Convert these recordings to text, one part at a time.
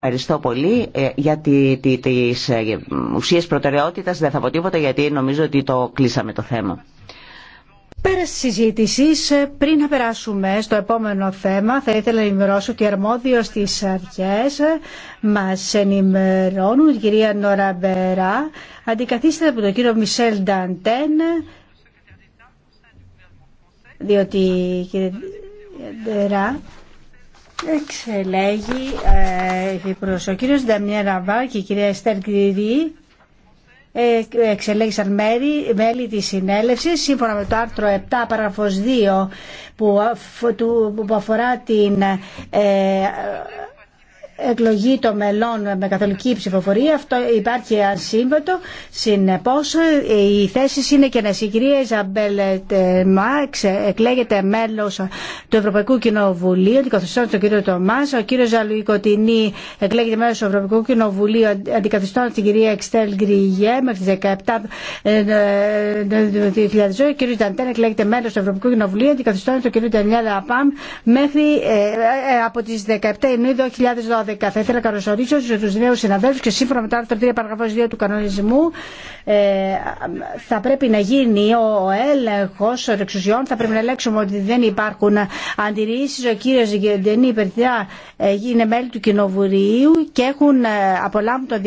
Ευχαριστώ πολύ ε, για τις ε, ουσίες προτεραιότητας. Δεν θα πω τίποτα γιατί νομίζω ότι το κλείσαμε το θέμα. Πέρα συζήτηση, πριν να περάσουμε στο επόμενο θέμα, θα ήθελα να ενημερώσω ότι αρμόδιο στι αρχέ μα ενημερώνουν η κυρία Νόραμπερα, αντικαθίσταται από τον κύριο Μισελ Νταντέν, διότι η κυρία εξελέγει ε, ο κύριος Νταμιέ Ραβά και η κυρία Εστέρ ε, εξελέγησαν μέρη, μέλη της συνέλευσης σύμφωνα με το άρθρο 7 παραγραφος 2 που, αφορά την ε, εκλογή των μελών με καθολική ψηφοφορία. Αυτό υπάρχει ασύμβατο. Συνεπώ, οι θέσει είναι και να Η κυρία Ιζαμπέλ Μάξ εκλέγεται μέλο του Ευρωπαϊκού Κοινοβουλίου, αντικαθιστώντα τον κύριο Τωμά. Ο κύριο Ζαλουϊκοτινή εκλέγεται μέλο του Ευρωπαϊκού Κοινοβουλίου, αντικαθιστώντα την κυρία Εξτέλ Γκριγέ μέχρι τι 17 ε, ε, ε, Ο κύριο Νταντέν εκλέγεται μέλο του Ευρωπαϊκού Κοινοβουλίου, αντικαθιστώντα τον κύριο Ντανιέλα μέχρι από τι 17 Ιουνίου 2012. 12. Θα ήθελα να καλωσορίσω του νέου συναδέλφου και σύμφωνα με το άρθρο 3 παραγραφό 2 του κανονισμού ε, θα πρέπει να γίνει ο έλεγχο των εξουσιών. Θα πρέπει να ελέγξουμε ότι δεν υπάρχουν αντιρρήσει. Ο κύριο Γεντενή Περθιά ε, είναι μέλη του Κοινοβουλίου και έχουν ε, απολάμβουν των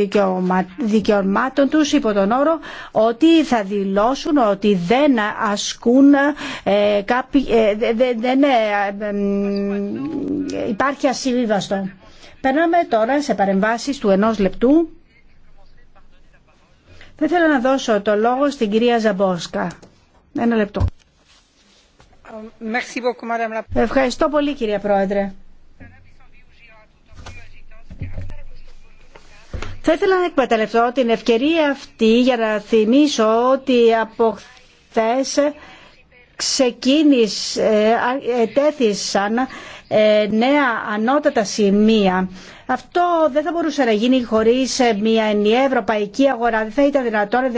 δικαιωμάτων του υπό τον όρο ότι θα δηλώσουν ότι δεν ασκούν κάποιοι. δεν, υπάρχει ασύλληβαστο. Περνάμε τώρα σε παρεμβάσεις του ενός λεπτού. Θα ήθελα να δώσω το λόγο στην κυρία Ζαμπόσκα. Ένα λεπτό. Ευχαριστώ πολύ κυρία Πρόεδρε. Θα ήθελα να εκμεταλλευτώ την ευκαιρία αυτή για να θυμίσω ότι από χθες ξεκίνησε, ε, ετέθησαν ε, νέα ανώτατα σημεία. Αυτό δεν θα μπορούσε να γίνει χωρίς ε, μια ενιαία ευρωπαϊκή αγορά. Δεν θα ήταν δυνατόν